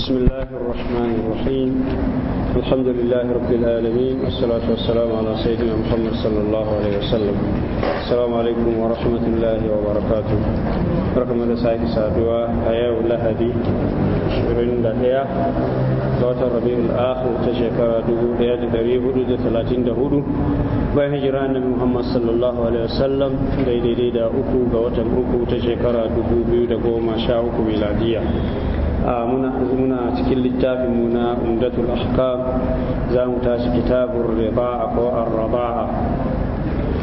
بسم الله الرحمن الرحيم الحمد لله رب العالمين والصلاة والسلام على سيدنا محمد صلى الله عليه وسلم السلام عليكم ورحمة الله وبركاته رقم الرسائل سابوا هيا ولهدي شرين لهيا صوت الربيع الآخر تشكر دبو هيا دري هدو ثلاثين دهودو bayan hijira annabi Muhammad sallallahu alaihi wasallam daidai da uku ga watan uku ta shekara 2013 miladiya muna cikin littafin mu na umdatul ahkam za mu tashi kitabun riba'a ko arraba'a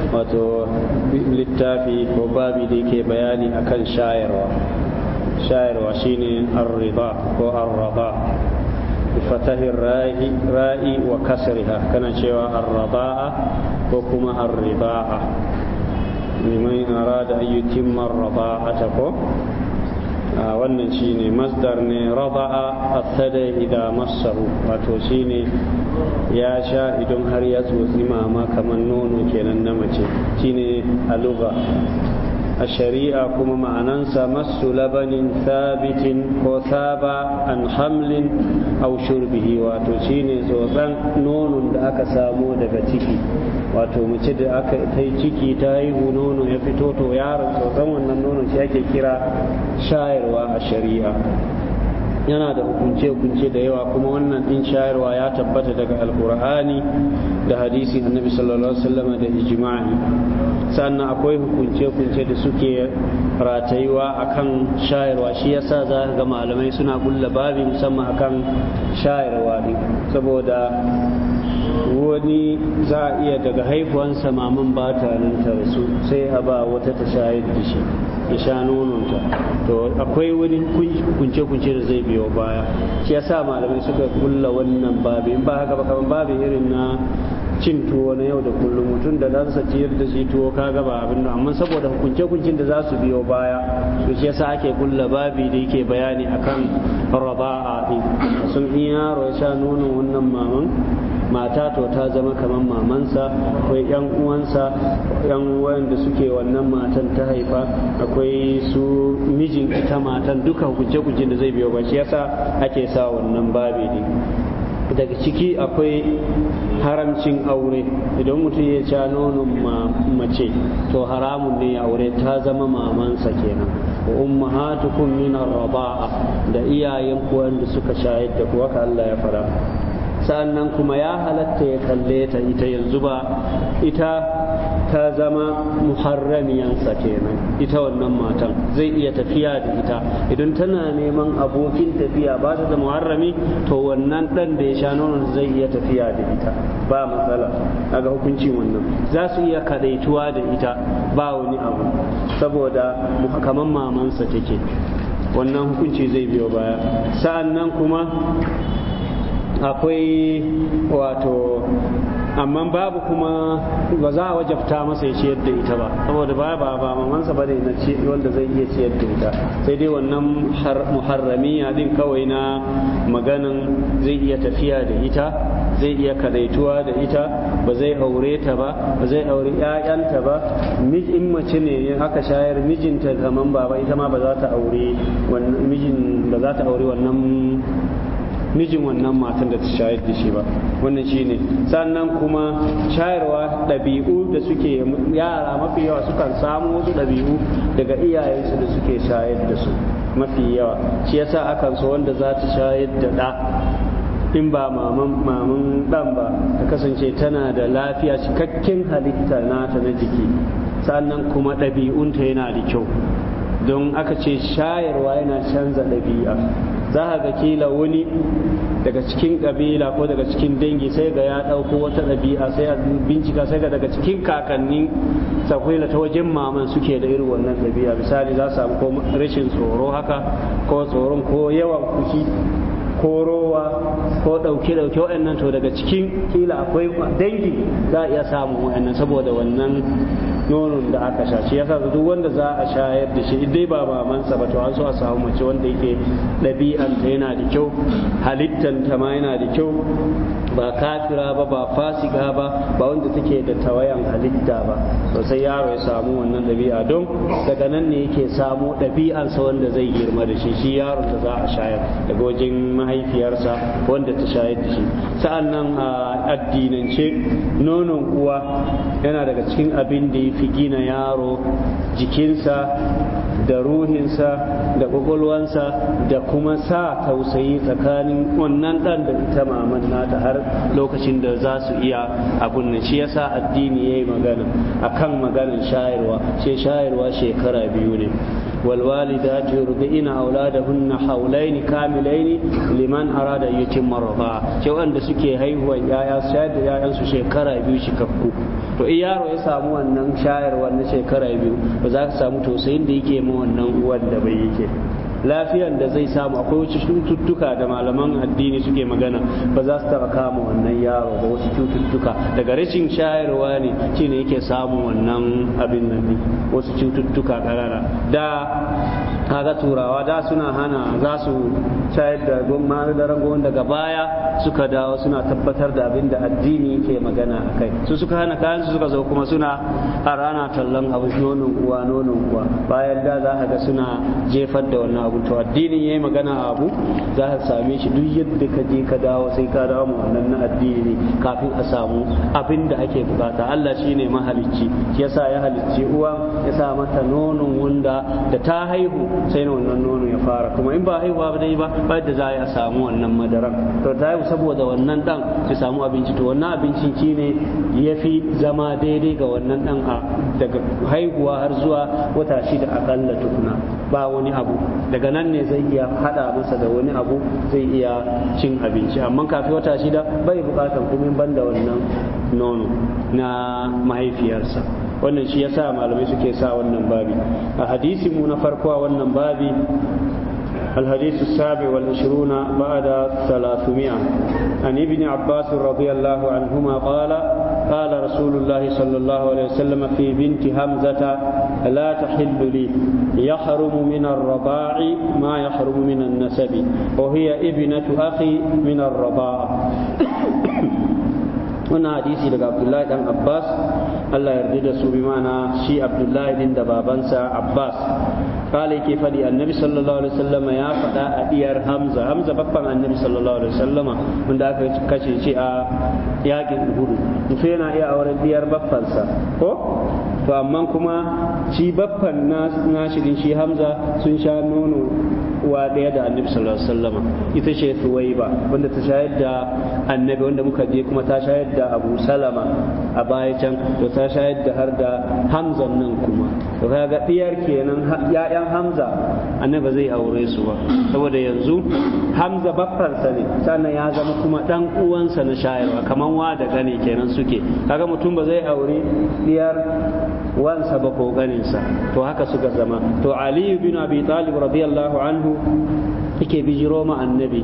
wato littafi ko babi da yake bayani akan shayarwa shayarwa shine arriba ko arraba bifatahin ra'i wa kasriha kana cewa arraba'a ko kuma arriba'a liman arada an yutimma arraba'ata ko wannan shi ne masdar ne a tsada ida masaru wato shi ne ya sha idan har ya tsotsi mama kamar nono kenan na mace ne aluga a shari'a kuma ma'anansa masu labanin sabitin ko saba an hamlin au shurbihi wato shine tsotsan nonon da aka samo daga ciki wato mace da aka ta ciki ta haihu nono ya fito to yaron tsotsan wannan nonon shi ake kira shayarwa a shari'a yana da hukunce-hukunce da yawa kuma wannan ɗin shayarwa ya tabbata daga alkur'ani da hadisi annabi sallallahu alaihi wasallam da ijma'i sannan akwai hukunce-hukunce da suke ratayuwa akan shayarwa shi yasa za ga malamai suna bulla babi musamman akan shayarwa ne saboda wani za a iya daga sa maman ba ta nan ta rasu sai a ba wata ta shayar da shi ya sha nononta to akwai wani kunce kunce da zai biyo baya shi yasa malamai suka kulla wannan babin ba haka ba kaman babin irin na cin tuwo na yau da kullum mutum da za su ciyar da shi tuwo ka gaba abin nan amma saboda hukunce hukuncin da za su biyo baya to shi yasa ake kulla babi da yake bayani akan raba'a din sun in yaro ya sha nonon wannan maman mata to ta zama kamar mamansa akwai yan uwansa yan wanda suke wannan matan ta haifa akwai su mijin ita matan duka hukunce hukuncin da zai biyo ba shi yasa ake sa wannan babi din daga ciki akwai haramcin aure idan mutum ya sha nonon mace to haramun ne ya aure ta zama mamansa kenan wa ummahatukum min raba'a da iyayen ku wanda suka shayar da ku haka Allah ya fara sannan kuma ya halatta ya kalle ta ita yanzu ba ita ta zama muharramiyansa kenan ita wannan matan zai iya tafiya da ita idan tana neman abokin tafiya ba ta da muharrami to wannan dan da ya sha nonon zai iya tafiya da ita ba matsala daga hukuncin wannan za su iya kadaituwa da ita ba wani abu saboda kamar mamansa take wannan hukunci zai biyo baya sa'an nan kuma akwai wato amma babu kuma ba za a wajabta masa ya ciyar da ita ba saboda ba ba ba mamansa bane na wanda zai iya ciyar da ita sai dai wannan muharramiya din kawai na maganan zai iya tafiya da ita zai iya kadaituwa da ita ba zai aure ta ba ba zai aure ƴaƴanta ba in mace ne aka shayar mijinta kaman baba ita ma ba ba za ta aure wannan mijin wannan matan da ta shayar da shi ba wannan shine sannan kuma shayarwa ɗabi'u da suke yara mafi yawa sukan samu wasu ɗabi'u daga iyayensu da suke shayar da su mafi yawa shi yasa akan so wanda za ta shayar da ɗa in ba maman ɗan ba ta kasance tana da lafiya cikakken halitta nata na jiki sannan kuma ɗabi'unta yana da kyau don aka ce shayarwa yana canza ɗabi'a za ga kila wani daga cikin ƙabila ko daga cikin dangi sai ga ya ɗauko wata ɗabi'a sai a bincika sai ga daga cikin kakannin sakwila ta wajen maman suke da irin wannan ɗabi'a misali za su samu ko rashin tsoro haka ko tsoron ko yawan kuki ko ko ɗauke ɗauke waɗannan to daga cikin kila akwai dangi za a iya samun waɗannan saboda wannan nonon da aka sha shi yasa duk wanda za a shayar da shi dai ba mamansa ba to an so a samu mace wanda yake ta yana da kyau halittan ta ma yana da kyau ba kafira ba ba fasika ba ba wanda take da tawayan halitta ba to sai yaro ya samu wannan ɗabi'a don daga nan ne yake samu ɗabi'ansa wanda zai girma da shi shi yaron da za a shayar daga wajen mahaifiyarsa wanda ta shayar da shi sa'an nan a addinance nonon uwa yana daga cikin abin da ya fi gina yaro jikinsa da ruhinsa da kwakwalwansa da kuma sa tausayi tsakanin wannan ɗan da ita maman nata har lokacin da za su iya abun nan shi yasa addini ya yi magana kan maganan shayarwa ce shayarwa shekara biyu ne والوالدات يرضئن أولادهن حولين liman لمن أراد marafa يتم الرضاعة شو أن سكي هاي هو يا سيد يا shekara biyu shi شكبكو to in yaro ya samu wannan shayarwa na shekara biyu ba za ka samu tausayin da yake ma wannan uwan da bai yake lafiyan da zai samu akwai wasu cututtuka da malaman addini suke magana ba za su taba kama wannan yaro ba wasu cututtuka daga rashin shayarwa ne shine yake samun wannan abin nan wasu cututtuka karara da kaga turawa da suna hana za su shayar da gomma da ragon daga baya suka dawo suna tabbatar da abin da addini ke magana a kai su suka hana kayan su suka zo kuma suna a rana tallan abu nonon uwa nonon uwa bayan da za a ga suna jefar da wannan abu to addini ya yi magana abu za a same shi duk yadda ka je ka dawo sai ka dawo mu wannan na addini kafin a samu abin da ake bukata Allah shi ne mahalicci ya yasa ya halicci uwa ya sa mata nonon wanda da ta haihu sai na wannan nono ya fara kuma in ba haihuwa ba dai ba ba yadda za a samu wannan madaran to ta haihu saboda wannan dan ya samu abinci to wannan abincin ki ne ya fi zama daidai ga wannan dan a daga haihuwa har zuwa wata shida akalla tukuna ba wani abu daga nan ne zai iya hada masa da wani abu zai iya cin abinci amma kafin wata shida bai bukatan kumin banda wannan nono na mahaifiyarsa wannan shi yasa malamai suke sa wannan babi a hadisin mu na farko a wannan babi الحديث السابع والعشرون بعد ثلاثمائة عن ابن عباس رضي الله عنهما قال قال رسول الله صلى الله عليه وسلم في بنت همزة لا تحل لي يحرم من الرضاع ما يحرم من النسب وهي ابنة أخي من الرضاع هنا حديثي لك عبد الله بن عباس Allah yarda da su bi mana shi Abdullahi din da babansa Abbas kala yake faɗi annabi sallallahu alaihi wasallam ya faɗa a diyar Hamza Hamza babban annabi sallallahu alaihi wasallam wanda aka kashe shi a yakin Uhud to yana iya auren diyar babbansa ko to amma kuma shi baffan nashirin shi hamza sun sha nono wa ɗaya da annabi sallallahu alaihi wasallam ita ce tuwaiba wanda ta shayar da annabi wanda muka je kuma ta shayar da abu salama a baya can to ta shayar da har da hamzan nan kuma to kaga diyar kenan ya'yan hamza annabi zai aure su ba saboda yanzu hamza baffansa ne sannan ya zama kuma ɗan uwansa na shayarwa kamar wa da gani kenan suke kaga mutum ba zai aure ɗiyar wansa ba ko ganinsa to haka suka zama to Aliyu bin abi talib radiyallahu anhu yake bijiro ma annabi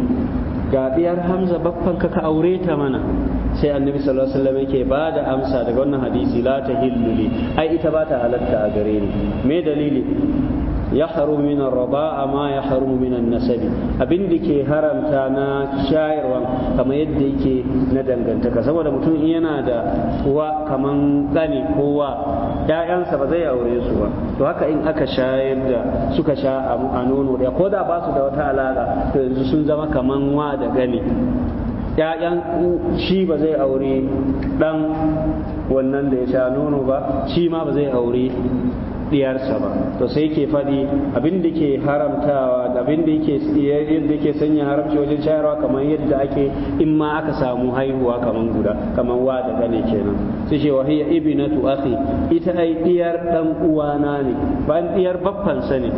ga biyar hamza baffan ka ka aure ta mana sai annabi sallallahu alaihi wasallam yake ba da amsa daga wannan hadisi la tahillu hilluli ai ita ba ta halatta a gare ni me dalili Ya min ar-rida'a ma yahrumu min an-nasab abin da ke haramta na shayarwa kamar yadda yake na dangantaka saboda mutum in yana da uwa kaman gani kowa ƴaƴansa ba zai aure su ba to haka in aka shayar da suka sha a nono da ko da basu da wata alaka to yanzu sun zama kaman wa da gani ‘ya'yan shi ba zai aure ɗan wannan da ya sha nono ba shi ma ba zai aure diyarsa ba to sai yake faɗi abin da ke haramtawa da abin da yake yadda yake sanya haramci wajen shayarwa kamar yadda ake in ma aka samu haihuwa kamar guda kamar wa da gane kenan sai ce wahiya ibnatu akhi ita ai diyar dan uwana ne ba diyar babban sa ne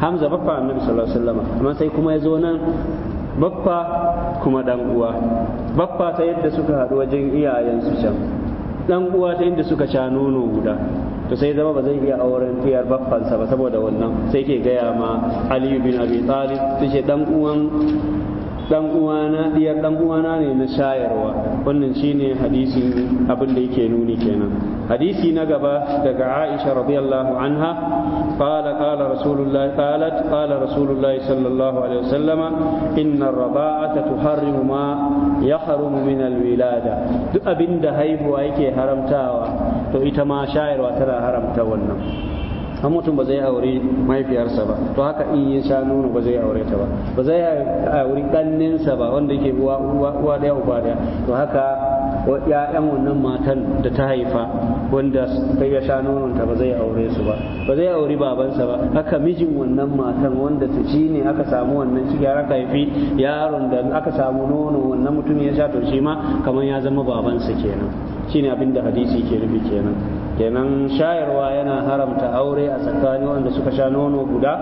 hamza baffa annabi sallallahu alaihi wasallam amma sai kuma ya zo nan baffa kuma dan uwa baffa ta yadda suka haɗu wajen iyayensu can dan uwa ta inda suka sha nono guda to sai zama ba zai iya auren fiyar baffansa ba saboda wannan sai ke gaya ma aliyu bin abi talib sai dan uwan dan uwana diyar dan uwana ne na shayarwa wannan shine hadisin abin da yake nuni kenan hadisi na gaba daga Aisha radiyallahu anha qala qala rasulullah qalat qala rasulullah sallallahu alaihi wasallama inna ar-raba'ata tuharrimu ma yahrumu min al-wilada duk abinda haihuwa yake haramtawa to ita ma shayarwa tana haramta wannan an mutum ba zai aure mahaifiyarsa ba to haka in ya sha nono ba zai aure ta ba ba zai aure ƙanninsa ba wanda yake uwa ɗaya uba ɗaya to haka ‘ya'yan wannan matan da ta haifa wanda ta iya sha nononta ba zai aure su ba ba zai aure babansa ba haka mijin wannan matan wanda ta shi ne aka samu wannan ciki har aka haifi yaron da aka samu nono wannan mutum ya sha to shi ma kamar ya zama babansa kenan shine abin da hadisi ke nufi kenan kenan shayarwa yana haramta aure a tsakanin wanda suka sha nono guda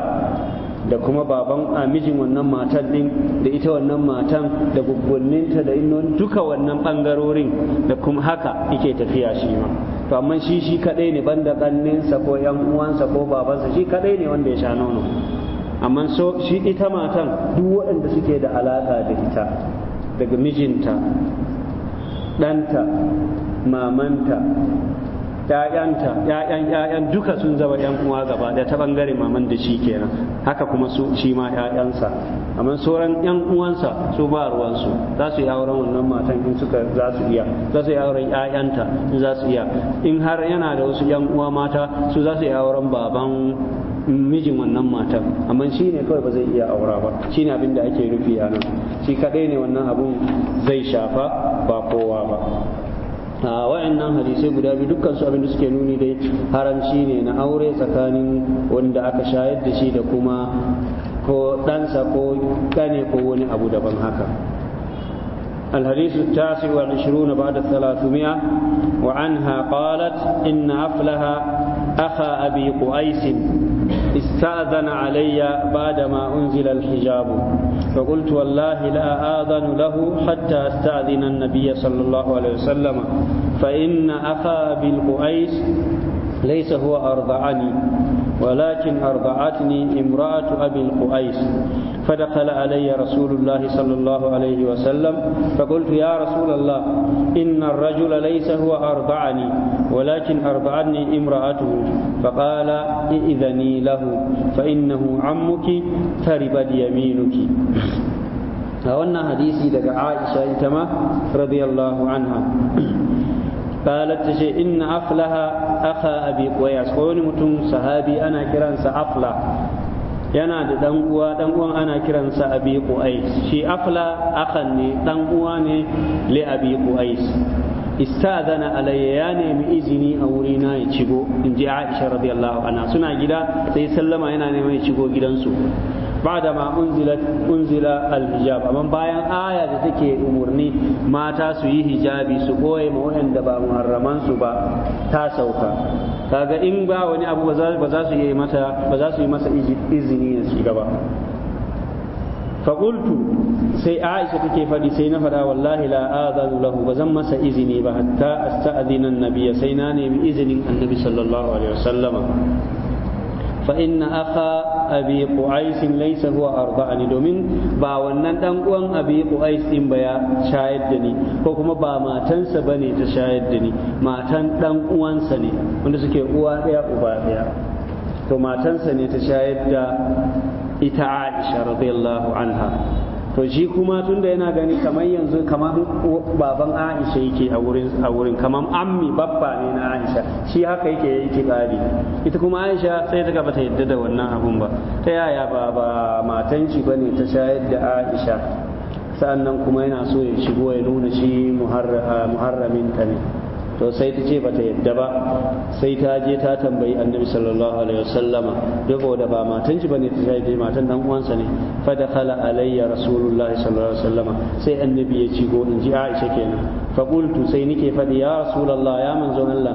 da kuma baban a mijin wannan matan din da ita wannan matan da gugguninta da innon duka wannan bangarorin da kuma haka yake tafiya shi ma to amma shi shi kadai ne banda kanninsa ko yan uwansa ko babansa shi kadai ne wanda ya sha nono amma so shi ita matan duk waɗanda suke da alaka da ita daga mijinta ɗanta mamanta ‘ya'yanta ‘ya'yan ‘ya'yan duka sun zama ‘yan uwa gaba da ta bangare maman da shi kenan haka kuma su shi ma ‘ya'yansa amma sauran ‘yan uwansa su ba ruwansu za su yi auren wannan matan in suka za su iya za su yi auren ‘ya'yanta in za su iya in har yana da wasu ‘yan uwa mata su za su yi auren baban mijin wannan matan amma shi ne kawai ba zai iya aura ba shi ne abin da ake rufi a nan shi kaɗai ne wannan abun zai shafa ba kowa ba a wayannan hadisai guda biyu dukkan su abin da suke nuni dai haramci ne na aure tsakanin wanda aka shayar da shi da kuma ko ɗansa ko kane ko wani abu daban haka الحديث التاسع والعشرون بعد الثلاثمائة وعنها قالت إن أفلها أخا أبي قؤيس استأذن علي بعدما أنزل الحجاب فقلت والله لا آذن له حتى أستأذن النبي صلى الله عليه وسلم فإن أخا أبي القؤيس ليس هو أرضعني ولكن أرضعتني امرأة أبي القؤيس فدخل علي رسول الله صلى الله عليه وسلم فقلت يا رسول الله إن الرجل ليس هو أرضعني ولكن أرضعني امرأته فقال ائذني له فإنه عمك فربت يمينك a حديثي hadisi عائشة aisha رضي الله عنها قالت تشي إن أفلها أخا أبي قويس قولي متون صحابي أنا كران سأفلا yana da dan uwa dan uwan ana kiransa abi quais shi afla akan ne dan uwa ne li abi quais istadana alayya ya nemi izini a wuri na ya cigo inji aisha radiyallahu anha suna gida sai sallama yana neman ya cigo gidansu بعدما أنزلت أنزل الحجاب من بايا آية تكي أمورني ما تاسو يهي حجابي سبوي موهن دبا محرمان سبا تاسوكا كاغا إنبا وني أبو وزاس وزاس يهي متى وزاس يهي متى إذني يسيقبا فقلت سي عائشة كيف دي سينا فدا والله لا آذن له وزم سيزني بحتى أستأذن النبي سيناني بإذن النبي صلى الله عليه وسلم فإن أخا abi qais laysa huwa arba'ani domin ba wannan dan uwan abi qais din ba ya shayar da ni ko kuma ba matansa bane ta shayar da ni matan dan uwansa ne wanda suke uwa daya uba daya to matansa ne ta shayar da ita Aisha radiyallahu anha to shi kuma tunda yana gani kamar yanzu kamar baban Aisha yake a wurin a wurin kamar ammi babba ne na Aisha shi haka yake yake tsari ita kuma Aisha sai ta gaba ta yadda da wannan abin ba ta yaya ba ba matan shi ne ta shayar da Aisha sa'annan kuma yana so ya shigo ya nuna shi muharramin ta ne to sai ta ce ta yadda ba sai ta je ta tambayi annabi sallallahu alaihi wasallama saboda ba matan shi bane ta shaide matan dan uwansa ne fa dakhala alayya rasulullahi sallallahu alaihi wasallama sai annabi ya ci go in ji Aisha kenan fa qultu sai nike fadi ya rasulullah ya manzon Allah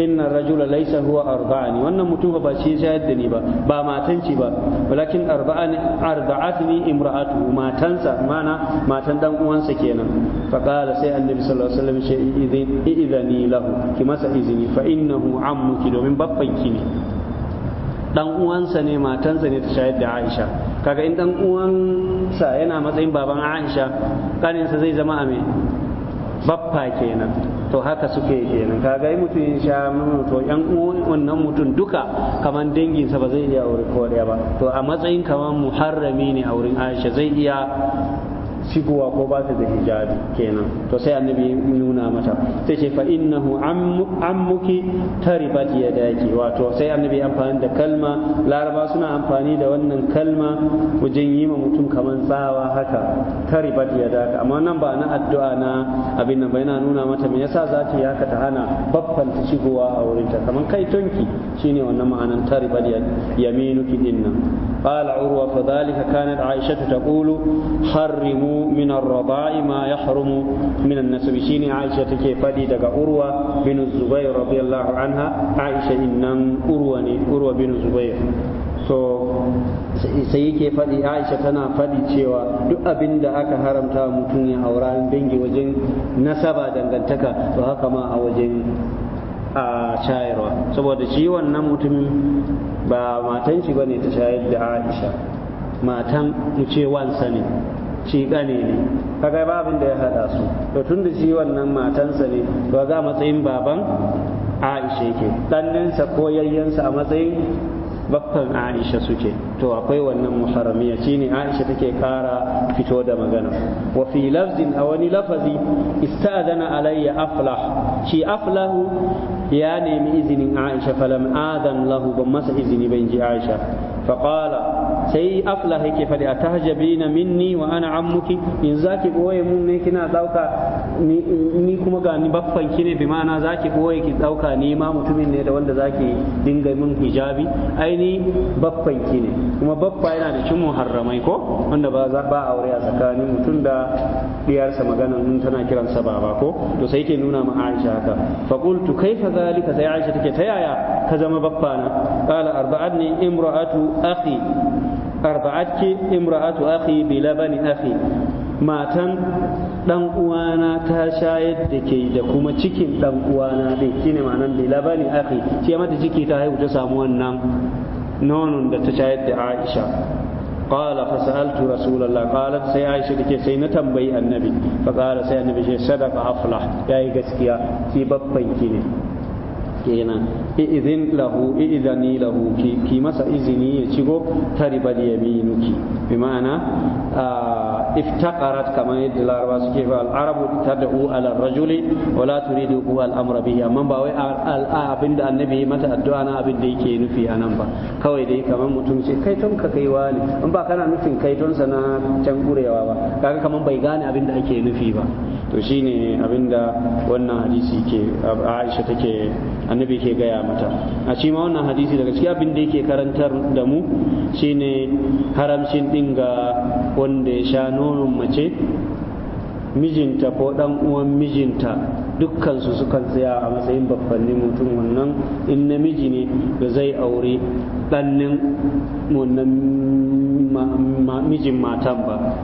inna rajula laysa huwa arba'ani wannan mutum ba shi shayar da ni ba ba matan shi ba walakin arba'ani arba'atni imra'atuhu matansa mana matan dan uwansa kenan fa qala sai annabi sallallahu alaihi wasallam shi ni. izini lahu ki masa izini fa innahu ammuki domin babbanki ne dan uwansa ne matansa ne ta shayar da Aisha kaga in dan uwansa yana matsayin baban Aisha kaninsa zai zama a me baffa kenan to haka suke kenan kaga in mutum ya sha to yan uwan wannan mutum duka kaman danginsa ba zai iya aure ko ba to a matsayin kaman muharrami ne a wurin Aisha zai iya shigowa ko ba ta da hijabi kenan to sai annabi nuna mata sai ce fa innahu ammuki taribat yadaki wato sai annabi amfani da kalma laraba suna amfani da wannan kalma wajen yi ma mutum kamar tsawa haka taribat yadaka amma nan ba na addu'a na abin nan ba yana nuna mata me yasa za ta yi haka ta hana babban ta shigowa a wurinta kaman kai tonki shine wannan ma'anan taribat yaminuki dinnan قال عروة فذلك كانت عائشة تقول حرموا من الرضاع ما يحرم من النسب شيني عائشة كيف فدي دقا عروة بن الزبير رضي الله عنها عائشة إنن عروة عروة بن الزبير so sai yake faɗi aisha tana faɗi cewa duk abin da aka haramta mutum ya aura in dangi wajen nasaba dangantaka to haka ma a wajen a shayarwa saboda shi wannan mutumin ba matan shi bane ta shayar da Aisha matan mu ce wansa ne shi ne kaga babin da ya hada su to tunda shi wannan matansa ne to ga matsayin baban Aisha yake ɗanninsa ko yayyansa a matsayin baffan Aisha suke to akwai wannan muharramiya shine Aisha take kara fito da magana wa fi lafzin a wani lafazi ista'dana alayya aflah shi aflahu يا نيم إذن عائشة فلم آذن له بمس إذن بنجي عائشة فقال سي أفلهك فلأتهجبين مني وأنا عمك إن ذاك بوي من نيكنا ni kuma ga ni baffan ki ne bi ma'ana zaki boye ki ɗauka ni ma mutumin ne da wanda zaki dinga min hijabi ai ni baffan ki ne kuma baffa yana da cin muharramai ko wanda ba za ba aure a tsakanin mutum da diyarsa magana nun tana kiran kiransa baba ko to sai ke nuna ma Aisha haka fa qultu kaifa zalika sai Aisha take ta yaya ka zama baffa na qala arba'atni imra'atu akhi arba'atki imra'atu akhi bi labani akhi matan dan uwana ta shayar yadda ke da kuma cikin dan uwana din shine ma'anar da labani akhi ce mata ciki ta haihu ta samu wannan nonon da ta shayar da Aisha qala fa sa'altu rasulullah qalat sai Aisha take sai na tambayi annabi fa qala sai annabi sai sadaqa aflah yayi gaskiya shi babban kine. ne kenan izin lahu izani lahu ki ki masa izini ya cigo taribal yaminuki bi ma'ana iftaqarat kamar yadda laraba suke fa al-arabu tad'u ala rajuli wa la turidu al-amra bihi amma ba wai abinda annabi ya mata addu'a na abinda yake nufi anan ba kawai dai kamar mutum ce kai ton ka kai wani in ba kana nufin kai ton sa na can kurewa ba kaga kamar bai gane abinda ake nufi ba to shine abinda wannan hadisi ke Aisha take annabi ke gaya mata a shi wannan hadisi daga cikin abin da yake karantar da mu shine haramcin din ga wanda ya sha nonon mace mijinta ko dan uwan mijinta dukkansu sukan tsaya a matsayin babbannin mutum wannan in namiji ne da zai aure ɗannin wannan mijin matan ba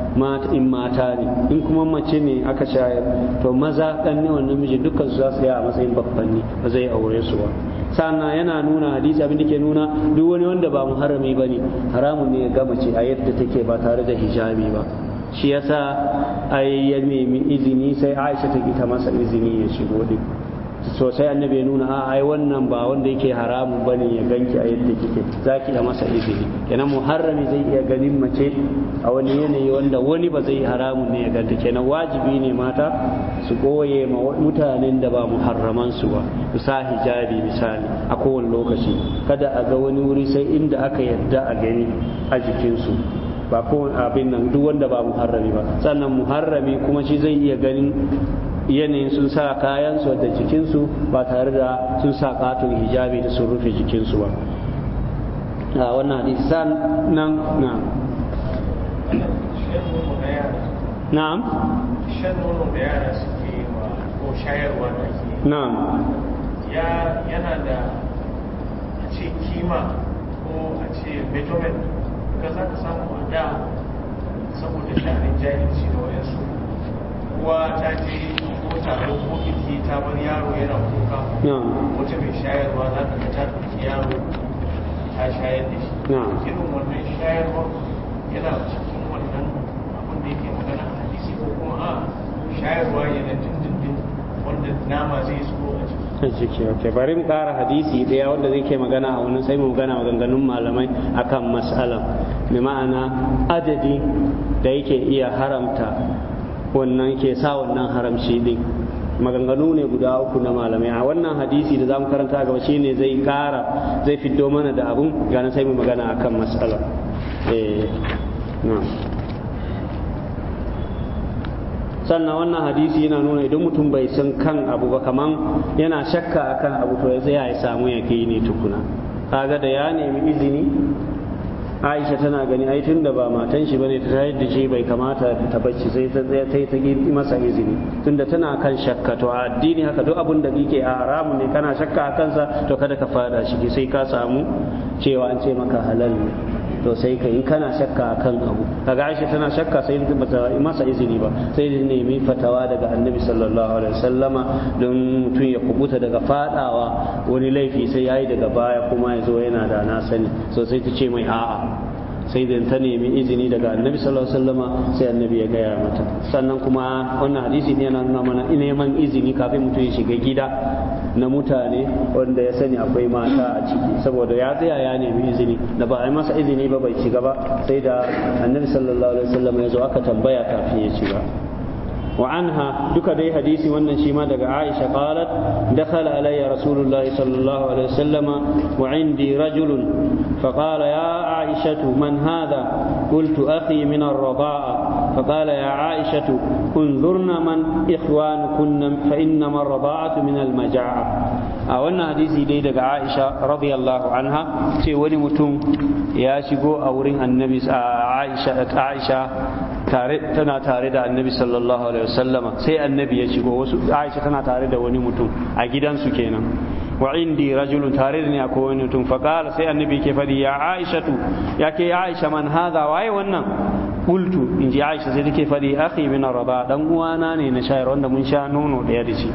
in mata ne in kuma mace ne aka shayar to maza ɗannin wannan mijin dukkansu za su tsaya a matsayin babbanni ba zai aure su ba sannan yana nuna hadisi abin da ke nuna duk wani wanda ba muharrami ba ne haramun ne ya gama ce a yadda take ba tare da hijabi ba shi ya yasa ai ya nemi izini sai aisha ta gita masa izini ya shigo din sosai annabi ya nuna a ai wannan ba wanda yake haramun bane ya ganki a yadda kike zaki da masa izini kenan muharrami zai iya ganin mace a wani yanayi wanda wani ba zai haramu ne ya ganta kenan wajibi ne mata su koye ma mutanen da ba muharraman su ba sa hijabi misali a kowane lokaci kada a ga wani wuri sai inda aka yarda a gani a jikinsu ba ko abin nan duk wanda ba muharrami ba sannan muharrami kuma shi zai iya ganin yanayin sun sa kayansu da jikinsu ba tare da sun sa katon hijabi da sun rufe jikinsu ba a wannan hadisi sannan na na'am shan nono da yara suke ma ko shayarwa da ke na'am ya yana da a ce kima ko a ce ka za ka samu a da saboda sha'anin jahilci da su kuwa ta je ko taro ko biki ta bar yaro yana kuka wata mai shayarwa za ka ta tafi yaro ta shayar da shi irin wannan shayarwa yana cikin wannan abin da yake magana a hadisi ko kuma a shayarwa yana cikin wanda nama zai shigo a ciki ciki ok bari mu kara hadisi daya wanda zai ke magana a wani sai mu magana maganganun malamai akan mas'alan mai ma'ana adadi da yake iya haramta wannan ke sa wannan haramci din maganganu ne guda uku na malamai a wannan hadisi da zamu karanta gaba ne zai kara zai fiddo mana da abun gana sai mu magana akan mas'alan eh na'am sannan wannan hadisi yana nuna idan mutum bai san kan abu ba kaman yana shakka akan abu to ya tsaya ya samu ya kai ne tukuna kaga da ya nemi izini aisha tana gani ai tun da ba matan shi bane ta tayar da shi bai kamata ta bacci sai ta tsaya ta yi masa izini tunda tana kan shakka to a addini haka duk abun da kike a haramun ne kana shakka a kansa to kada ka fada shi sai ka samu cewa an ce maka halal ne to sai ka in kana shakka kan abu kaga Aisha tana shakka sai bata yi masa izini ba sai da nemi fatawa daga Annabi sallallahu alaihi wasallama don mutum ya kubuta daga fadawa wani laifi sai yayi daga baya kuma ya zo yana da na sani so sai ta ce mai a'a sai da ta nemi izini daga annabi sallallahu alaihi wasallama sai annabi ya gaya mata sannan kuma wannan hadisi ne yana nuna mana neman izini kafin mutum ya shiga gida na mutane wanda ya sani akwai mata a ciki saboda ya tsaya ya nemi izini da ba a masa izini ba bai shiga ba sai da annabi sallallahu alaihi wasallam ya zo aka tambaya kafin ya shiga وعنها دك دي حديثي وانا شيما دك عائشة قالت دخل علي رسول الله صلى الله عليه وسلم وعندي رجل فقال يا عائشة من هذا قلت أخي من الرضاعة فقال يا عائشة انظرن من إخوانكن فإنما الرضاعة من المجاعة a wannan hadisi dai daga Aisha radiyallahu anha ce wani mutum ya shigo a wurin annabi Aisha Aisha tana tare da annabi sallallahu alaihi wasallama sai annabi ya shigo Aisha tana tare da wani mutum a gidansu kenan wa indi rajulun tare da ni akwai wani mutum sai annabi ke faɗi ya Aisha ya ke Aisha man waye wannan kultu in ji aisha sai faɗi fadi akhi min arba dan uwana ne na shayar wanda mun sha nono daya da shi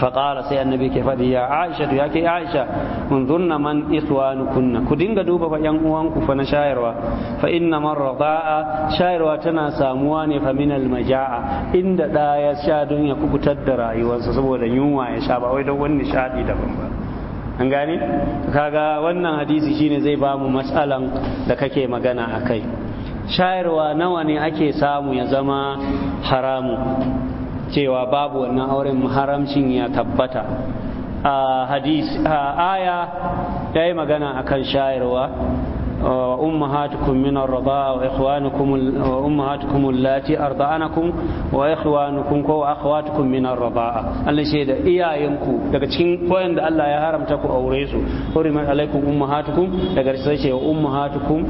fa sai annabi ke faɗi ya aisha to yake aisha mun dunna man iswanukunna ku dinga duba fa yan uwanku fa na shayarwa fa inna marda'a shayarwa tana samuwa ne fa min almaja'a inda da ya sha dun ya kubutar da rayuwarsa saboda yunwa ya sha ba wai dan wani shadi daban ba kaga wannan hadisi shine zai bamu matsalan da kake magana akai kai shayarwa nawa ne ake samu ya zama haramu cewa babu wannan auren haramcin ya tabbata a hadis a aya ya yi magana akan shayarwa Wa وأمهاتكم من الرضاع وإخوانكم وأمهاتكم اللاتي أرضعنكم وإخوانكم وأخواتكم من الرضاعة Allah shi da iyayenku daga cikin koyan da Allah ya haramta ku aure su hurimat alaikum ummahatukum daga sai ce ummahatukum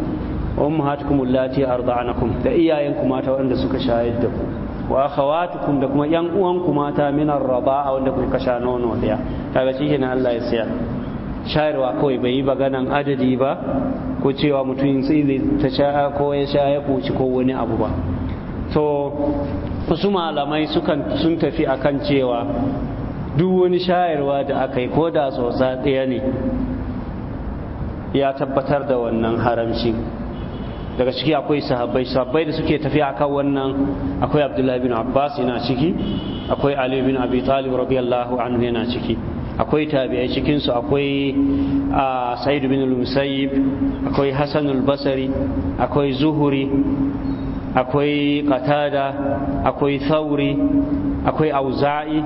wa ummahatukum allati arda'anakum da iyayenku mata waɗanda suka shayar da ku wa akhawatukum da kuma yan uwanku mata min arba'a wanda kuka sha nono daya kaga shi kenan Allah ya siya shayarwa kawai bai yi baganan adadi ba ko cewa mutum sai ta sha ko ya sha ya koci ko wani abu ba to wasu malamai sukan sun tafi akan cewa duk wani shayarwa da aka yi ko da tsotsa ɗaya ne ya tabbatar da wannan haramci daga ciki akwai sahabbai sahabbai da suke tafiya akan wannan akwai abdullahi bin abbas yana ciki akwai ali bin abi talib radiyallahu anhu yana ciki akwai tabi'ai cikinsu akwai sa'id bin al-musayyib akwai hasan al-basri akwai zuhuri akwai qatada akwai thauri akwai auza'i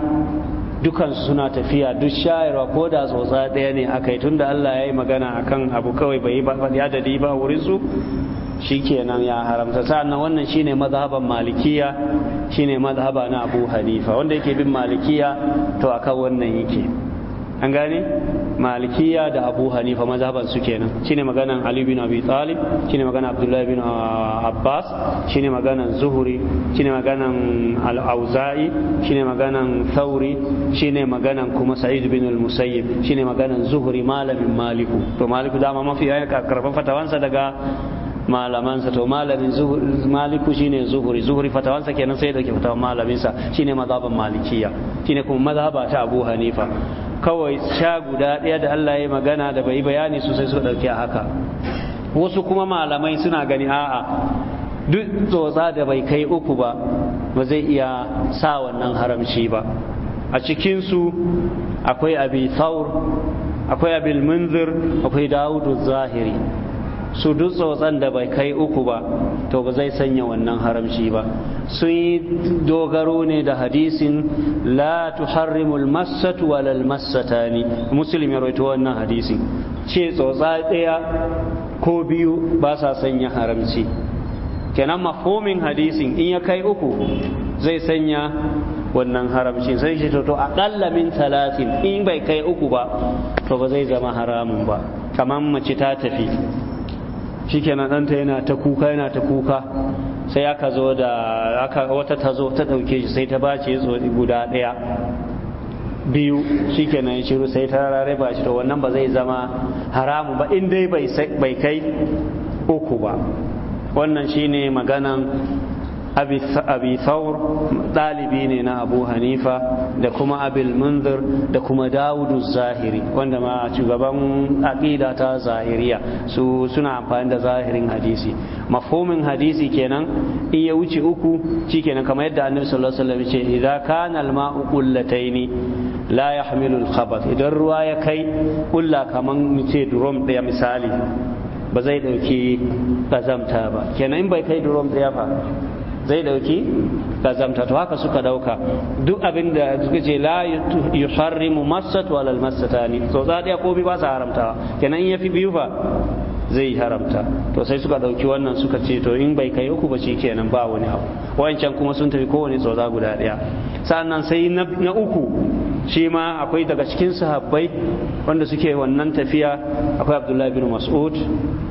dukansu suna tafiya duk shayarwa ko da tsotsa ɗaya ne aka yi tunda Allah ya yi magana akan abu kawai bai yi ba faɗi ba wurin su shikenan ya haramta sa'annan wannan shine mazhaban malikiya shine mazhaba na Abu Hanifa wanda yake bin malikiya to akan wannan yake an gane malikiya da Abu Hanifa mazhaban su kenan shine maganan Ali bin Abi Talib shine maganan Abdullah bin ah, Abbas shine maganan Zuhri shine maganan Al-Auza'i shine maganan Thawri shine maganan kuma Sa'id bin Al-Musayyib shine maganan Zuhri malamin Maliku to Maliku dama mafi ayyuka karban fatawansa daga malamansa to malamin maliku shine zuhuri zuhuri fatawansa kenan sai da ke fatawan malaminsa shine mazhaban malikiya shine kuma mazhaba ta abu hanifa kawai sha guda ɗaya da allah ya magana da bai bayani sosai su ɗauki a haka wasu kuma malamai suna gani a'a duk tsotsa da bai kai uku ba ba zai iya sa wannan haramci ba a cikinsu akwai abi thawr akwai abil munzir akwai dawudu zahiri su duk tsotsan da bai kai uku ba to ba zai sanya wannan haramci ba sun yi dogaro ne da hadisin la tuharrimul massatu walal muslim ya rawaito wannan hadisin ce tsotsa ɗaya ko biyu ba sa sanya haramci kenan mafhumin hadisin in ya kai uku zai sanya wannan haramcin sai shi to aƙalla min talatin in bai kai uku ba to ba zai zama haramun ba kamar mace ta tafi shikenan ɗanta yana ta kuka yana ta kuka sai aka zo da aka wata ta zo ta ɗauke shi sai ta bace ya guda ɗaya biyu shikenan shiru sai ta rarrai ba shi to wannan ba zai zama haramu ba in dai bai kai uku ba wannan shine maganan abi thawr ɗalibi ne na abu hanifa da kuma abil munzir da kuma dawudu zahiri wanda ma shugaban aƙida ta zahiriya su suna amfani da zahirin hadisi mafhumin hadisi kenan in ya wuce uku shikenan kamar yadda annabi sallallahu alaihi wasallam ya ce idza kana al qullataini la yahmilu al idan ruwa ya kai kulla kaman mu ce drum ɗaya misali ba zai ɗauki ƙazamta ba kenan in bai kai drum ɗaya ba. zai dauki kazamta to haka suka dauka duk abin da suka ce la yuharrimu massat wal massatani so ɗaya ko ba sa haramtawa kenan yafi biyu fa zai haramta to sai suka dauki wannan suka ce to in bai kai uku ba kenan ba wani abu wancan kuma sun tafi kowane tsotsa guda ɗaya sannan sai na uku shi ma akwai daga cikin sahabbai wanda suke wannan tafiya akwai abdullahi bin mas'ud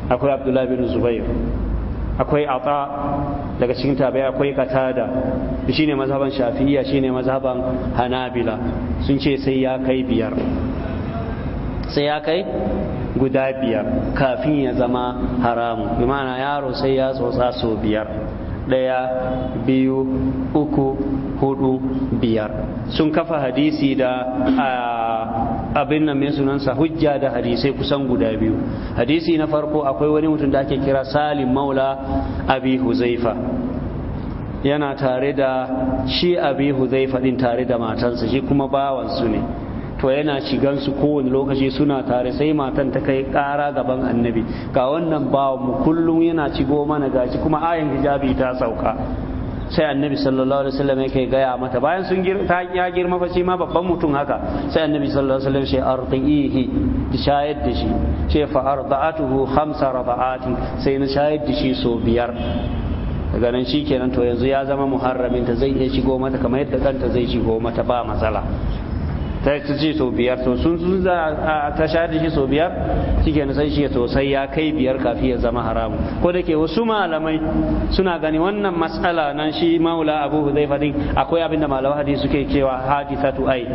akwai abdullahi bin zubair akwai ata daga cikin tabi'a akwai katada shine mazhaban shafi'iyya shine mazhaban hanabila sun ce sai ya kai biyar sai ya kai guda biyar kafin ya zama haramu bi ma'ana yaro sai ya tsotsa so biyar ɗaya biyu uku hudu biyar sun kafa hadisi da abin nan mai sunansa hujja da hadisai kusan guda biyu hadisi na farko akwai wani mutum da ake kira salim maula abi huzaifa yana tare da shi abi huzaifa din tare da matansa shi kuma bawansu ne to yana shigan su kowane lokaci suna tare sai matan ta kai ƙara gaban annabi ga wannan bawan mu kullum yana cigo mana gashi kuma ayin hijabi ta sauka sai annabi sallallahu alaihi wasallam yake gaya mata bayan sun ta ya girma fa shi ma babban mutum haka sai annabi sallallahu alaihi wasallam shi arqihi shayar da shi ce fa arda'atuhu khamsa rada'ati sai na shayar da shi so biyar daga nan shikenan to yanzu ya zama muharramin ta zai iya shigo mata kamar yadda kanta zai shigo mata ba matsala ta ci sau biyar to sun sun ta sha da shi sau biyar shi ke sai shi sai ya kai biyar kafin ya zama haramu ko da ke wasu malamai suna gani wannan matsala nan shi maula abu zai fadin akwai abinda da malawa hadisi suke cewa hadisatu ai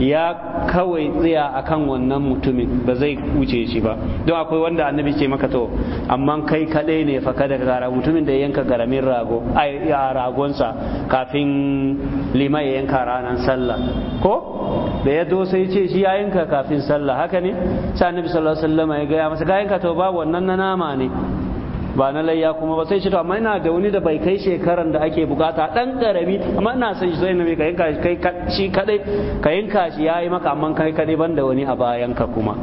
ya kawai tsaya akan wannan mutumin ba zai wuce shi ba don akwai wanda annabi ce maka to amma kai kadai ne fa kada gara mutumin da yanka garamin rago a ragonsa kafin lima ya yanka ranar sallah ko da ya dosa ya shi ya yanka kafin sallah haka ne sai annabi sallallahu alaihi wasallam ya gaya masa ga yanka to ba wannan na nama ne ba na layya kuma ba sai shi to amma ina da wani da bai kai shekaran da ake bukata dan karami amma ina son shi sai na mai ka kai shi kadai ka yanka shi yayi maka amma kai kadai banda wani a bayan ka kuma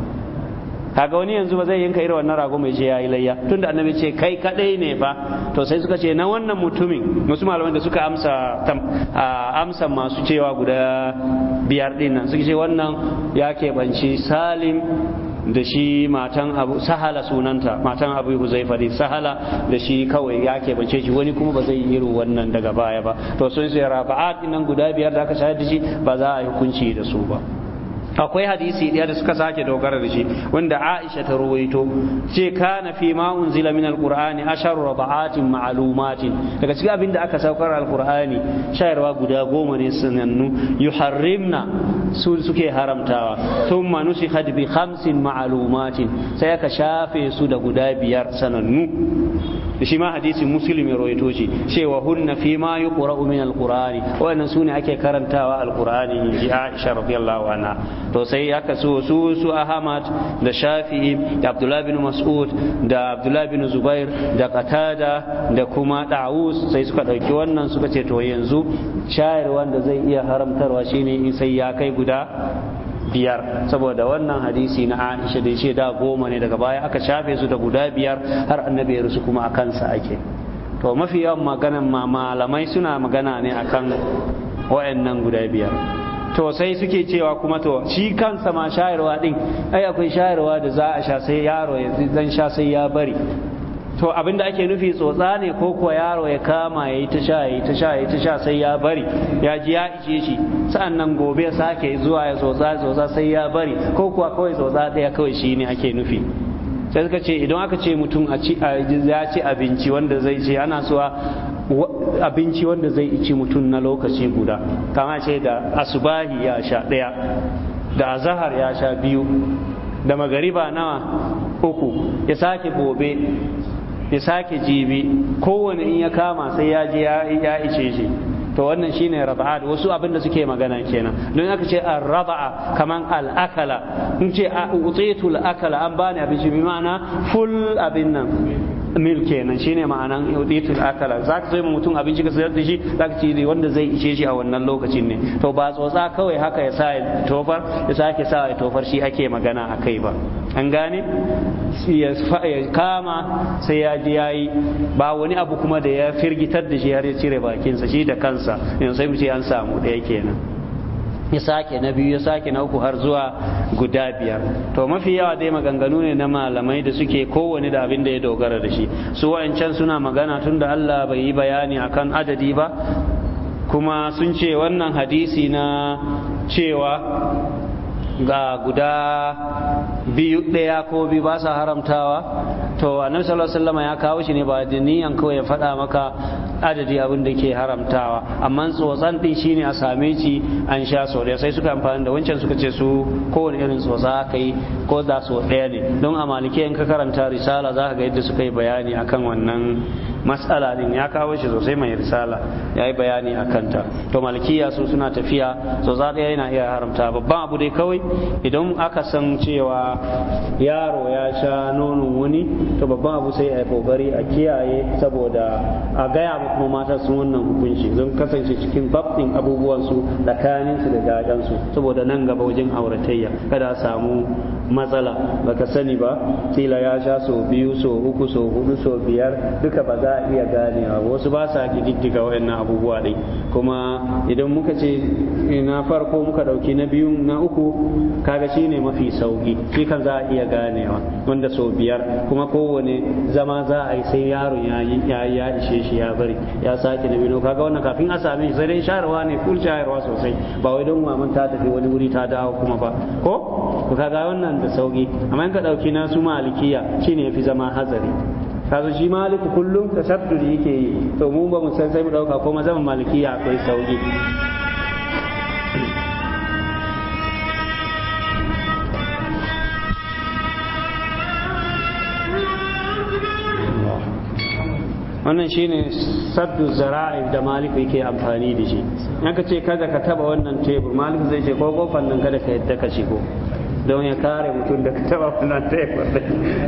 kaga wani yanzu ba zai yanka irin wannan rago mai je yayi layya tunda annabi ce kai kadai ne fa to sai suka ce na wannan mutumin musu malaman da suka amsa amsa masu cewa guda biyar din nan suka ce wannan ya keɓanci salim da shi matan abu sahala sunanta matan abu huzaifa dai sahala da shi kawai ya bace shi wani kuma ba zai yi irin wannan daga baya ba to sun sai rafa'at nan guda biyar da aka da shi ba za a yi hukunci da su ba akwai hadisi ɗaya da suka sake dogara da shi wanda Aisha ta ruwaito ce kana fi ma unzila min alqur'ani asharu rabaatin ma'lumatin daga cikin abin da aka saukar alqur'ani shayarwa guda goma ne sanannu yuharrimna su suke haramtawa thumma nusikhat bi khamsin ma'lumatin sai aka shafe su da guda biyar sanannu shi ma hadisin muslim ya rawaito shi cewa hunna fi ma yuqra'u min alqur'ani wannan sune ake karantawa alqur'ani ji Aisha radiyallahu anha to sai aka so su su ahmad da shafi'i da abdullah bin mas'ud da abdullah bin zubair da qatada da kuma da'us sai suka ɗauki wannan suka ce to yanzu shayar wanda zai iya haramtarwa shine sai ya kai guda biyar saboda wannan hadisi na Aisha da ce da goma ne daga baya aka shafe su da guda biyar har annabi ya rusu kuma a kansa ake to mafi yawan maganan malamai suna magana ne akan wa'annan guda biyar to sai suke cewa kuma to shi kansa ma shayarwa din ai akwai shayarwa da za a sha sai yaro ya zan sha sai ya bari to abinda ake nufi tsotsa ne ko kuwa yaro ya kama ya yi ta sha ya yi ta sha ya yi ta sha sai ya bari ya ji ya ishe shi sa'an nan gobe ya sake zuwa ya tsotsa tsotsa sai ya bari ko kuwa kawai tsotsa ɗaya kawai shi ne ake nufi sai suka ce idan aka ce mutum ya ci abinci wanda zai ce ana so abinci wanda zai ici mutum na lokaci guda kama ce da asubahi ya sha ɗaya da azahar ya sha biyu da magariba nawa uku ya sake gobe ya sake jibi kowane in ya kama sai ya je ya ice shi to wannan shine raba'a wasu abin da suke magana kenan don aka ce an raba'a kaman al'akala in ce utitul akala an bani abinci bi ma'ana full abin nan mil kenan shine ma'anan yuditul akala zaka zo mutum abinci ka sayar da shi zaka ci wanda zai ishe shi a wannan lokacin ne to ba tsotsa kawai haka ya sa ya tofar ya sake sa ya tofar shi ake magana akai ba an gane ya kama sai ya ji yayi ba wani abu kuma da ya firgitar da shi har ya cire bakinsa shi da kansa yanzu sai mu ce an samu ɗaya kenan ya sake na biyu ya sake na uku har zuwa guda biyar to mafi yawa dai maganganu ne na malamai da suke kowane da abin da ya dogara da shi su wa'ancan suna magana tun da Allah bai yi bayani akan adadi ba kuma sun ce wannan hadisi na cewa ga guda biyu ɗaya ko biyu ba sa haramtawa to annabi sallallahu alaihi wasallam ya kawo shi ne ba da niyan kawai ya faɗa maka adadi abin da ke haramtawa amma tsotsan din shine a same shi an sha so da sai suka amfani da wancan suka ce su kowane irin tsotsa aka yi ko da so ɗaya ne don a malike in ka karanta risala za ka ga yadda suka yi bayani akan wannan mas'ala din ya kawo shi sosai mai risala ya yi bayani a kanta to malikiya su suna tafiya tsotsa ɗaya yana iya haramta babban abu dai kawai idan aka san cewa yaro ya sha nonon wani to babban abu sai a yi kokari a kiyaye saboda a gaya ma kuma mata sun wannan hukunci zan kasance cikin babin abubuwansu tsakaninsu da gajansu saboda nan gaba wajen auratayya kada samu matsala baka sani ba kila ya sha so biyu so uku so hudu so biyar duka ba za a iya ba wasu ba sa kididdiga wayannan abubuwa din kuma idan muka ce na farko muka dauki na biyu na uku kaga ne mafi sauki shi kan za a iya ganewa wanda so biyar kuma kowane zama za a yi sai yaron ya ya ishe shi ya bari ya sake na biyu kaga wannan kafin a same shi sai dai sharwa ne kul sharwa sosai ba wai don maman ta tafi wani wuri ta dawo kuma ba ko kaga wannan da sauki amma in ka ɗauki nasu malikiya shine yafi zama hazari kazo shi maliku kullum tashaddudi yake yi to mu ba mu san sai mu ɗauka ko mazan malikiya akwai sauki wannan shine saddu zara'i da maliku yake amfani da shi in ka ce kada ka taba wannan tebur maliku zai ce ko kofan nan kada ka yadda ka shigo don ya kare mutum daga taba wannan taikwar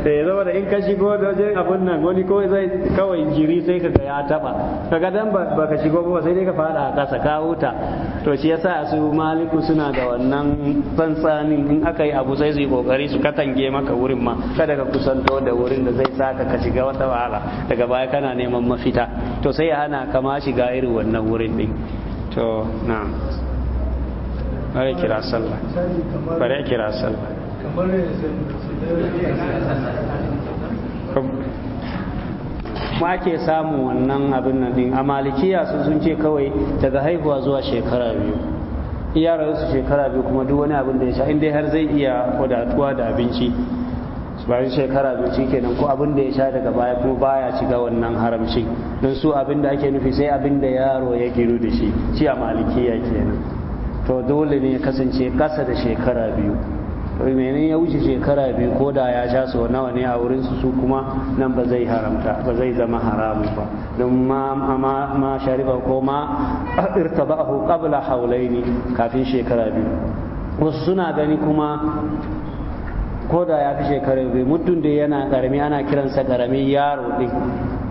da ya da in ka shigo da wajen abin nan wani ko zai kawai jiri sai ka ga ya taba kaga dan ba ka shigo ba sai dai ka fada a kasa ka huta to shi yasa su maliku suna da wannan tsantsanin in aka yi abu sai su yi kokari su katange maka wurin ma kada ka kusanto da wurin da zai saka ka shiga wata wahala daga baya kana neman mafita to sai ya hana ka ma shiga irin wannan wurin din to na'am bari kira sallah bari kira sallah ma ke samu wannan abin nan din a malikiya sun sun ce kawai daga haihuwa zuwa shekara biyu iya su shekara biyu kuma duk wani abin da ya sha inda har zai iya wadatuwa da abinci bayan shekara biyu shi kenan ko abin da ya sha daga baya kuma baya shiga wannan haramcin don su abin da ake nufi sai abin da yaro ya giru da shi shi a malikiya kenan to dole ne kasance kasa da shekara biyu menene ya wuce shekara biyu ko da ya sha so nawa ne a wurin su kuma nan ba zai haramta ba zai zama haramu ba don ma ma shariba ko ma irtabahu qabla haulaini kafin shekara biyu wasu suna gani kuma ko da ya fi shekara biyu mutum da yana karami ana kiransa karami yaro din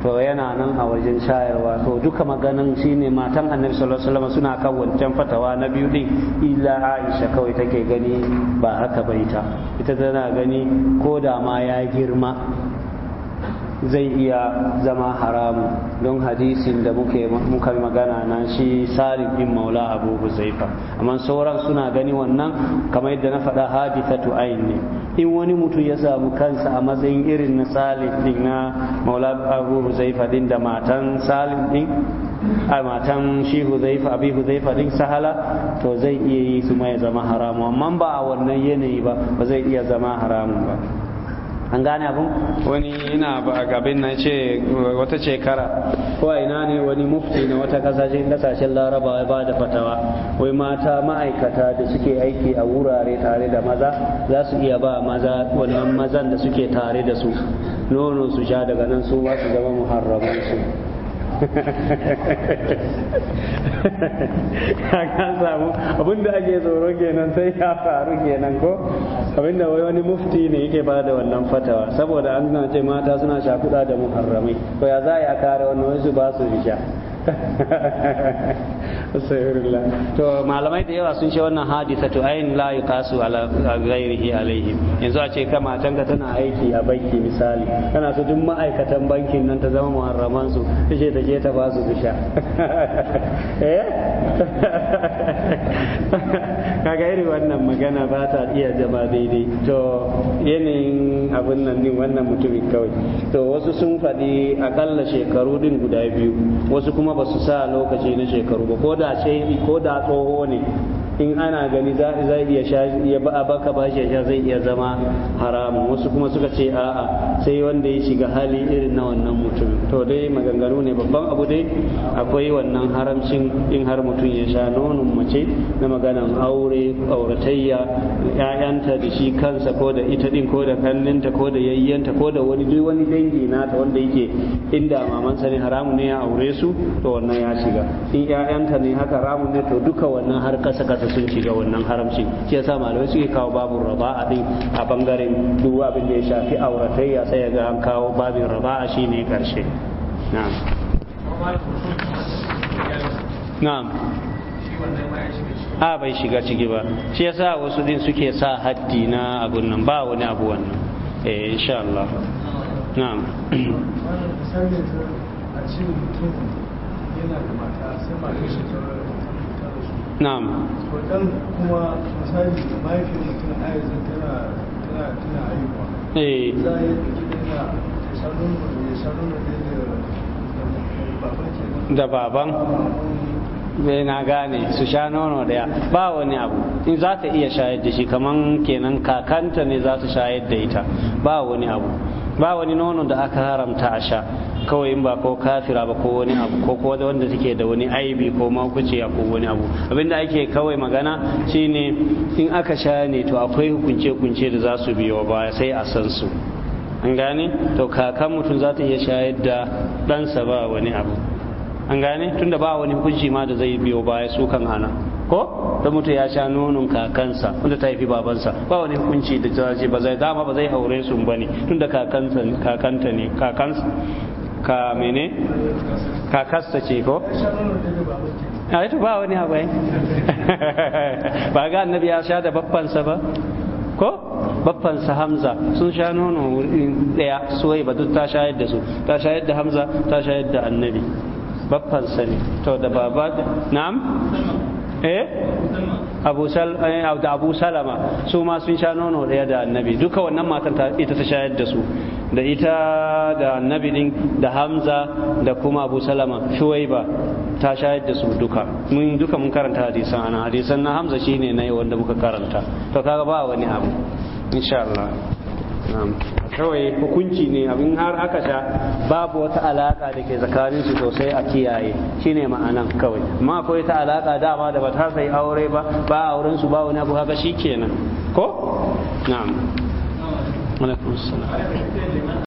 to yana nan a wajen shayarwa to duka maganin shine matan annabi sallallahu alaihi suna kan wancan fatawa na biyu din illa aisha kawai take gani ba haka ba ita ita tana gani ko da ma ya girma zai iya zama haramu don hadisin da muke muka magana nan shi salim bin maula abu huzaifa amma sauran suna gani wannan kamar yadda na faɗa hadithatu ain ne in wani mutum ya samu kansa a matsayin irin na salih din na maula abu huzaifa din da matan salih din a matan shi huzaifa abi huzaifa din sahala to zai iya yi su mai zama haramu amma ba a wannan yanayi ba ba zai iya zama haramun ba an gane abin wani ina gabin nan ce wata shekara ko ina ne wani mufti na wata kasashen kasashen laraba ya bada fatawa wai mata ma'aikata da suke aiki a wurare tare da maza za su iya ba maza wannan mazan da suke tare da su nono su sha daga nan su ba su zama muharraman su kan samu abinda ake tsoro kenan sai ya faru kenan ko abinda wai wani mufti ne yake ba da wannan fatawa saboda an ce mata suna shakuda da muharramai ko ya za a kare wannan wasu ba su sha to malamai da yawa sun ce wannan hadisa to ayin la yuqasu ala ghairihi alaihim yanzu a ce ka matan ka tana aiki a banki misali kana so duk ma'aikatan bankin nan ta zama muharraman su tace ta je ta ba su bisha eh kaga irin wannan magana ba ta iya zama daidai to yanayin abin nan din wannan mutumin kawai to wasu sun faɗi akalla shekaru din guda biyu wasu kuma ba su sa lokaci na shekaru ba ko da ko da tsoho ne in ana gani za a iya sha ya baka bashi ya sha zai iya zama haramun wasu kuma suka ce a'a sai wanda ya shiga hali irin na wannan mutum to dai maganganu ne babban abu dai akwai wannan haramcin in har mutum ya sha nonon mace na maganan aure auratayya ƴaƴanta da shi kansa ko da ita din ko da kallinta ko da yayyanta ko da wani duk wani dangi ta wanda yake inda mamansa ne haramun ne ya aure su to wannan ya shiga in ƴaƴanta ne haka haramun ne to duka wannan har kasa kasa sun shiga wannan haramci shi yasa malamai suke kawo babin raba'a din a bangaren duk abin da ya shafi ya sai ga an kawo babin raba'a shine karshe na'am na'am a bai shiga ciki ba shi yasa wasu din suke sa haddi na abun nan ba wani abu wannan eh insha Allah na'am yana da mata sai ba shi na'am wadan eh da ta da baban bai eh, na gane su sha nono daya ba wani abu in za ta iya shayar da shi kaman kenan kakanta ne za su shayar da ita ba wani abu ba wani nono da aka haramta a sha kawai in ba ko kafira ba ko wani abu ko kowa wanda suke da wani aibi ko makuciya ko wani abu abinda ake kawai magana shine in aka sha ne to akwai hukunce hukunce da za su biyo ba sai a san su an gane to kakan mutum za ta iya shayar da ɗansa ba wani abu an gane tunda ba wani hukunci ma da zai biyo baya su kan hana ko da mutu ya sha nonon kakansa wanda ta haifi babansa ba wani hukunci da ta ce ba zai dama ba zai aure su ne tunda kakansa kakanta ne kakansa ka mene kakasta ce ko a ita ba wani abai ba ga annabi ya sha da babbansa ba ko babbansa hamza sun sha nono daya soyi ba duk ta sha yadda su ta sha yadda hamza ta sha yadda annabi babbansa ne to da baba na'am Eh? Eh, da abu salama su ma sun sha nono daya da annabi duka wannan matan ita ta shayar da su da ita da annabi din da hamza da kuma abu salama shuwaiba ta shayar da su duka mun duka mun karanta hadisan ana hadisan na hamza shine na wanda muka karanta to kaga ba wani abu insha Allah kawai hukunci ne abin har aka sha babu wata alaka da ke tsakanin su sosai a kiyaye shine ma'anan kawai amma akwai ta alaka dama da ba ta sai aure ba ba auren su ba wani abu haka shikenan ko na'am alaikum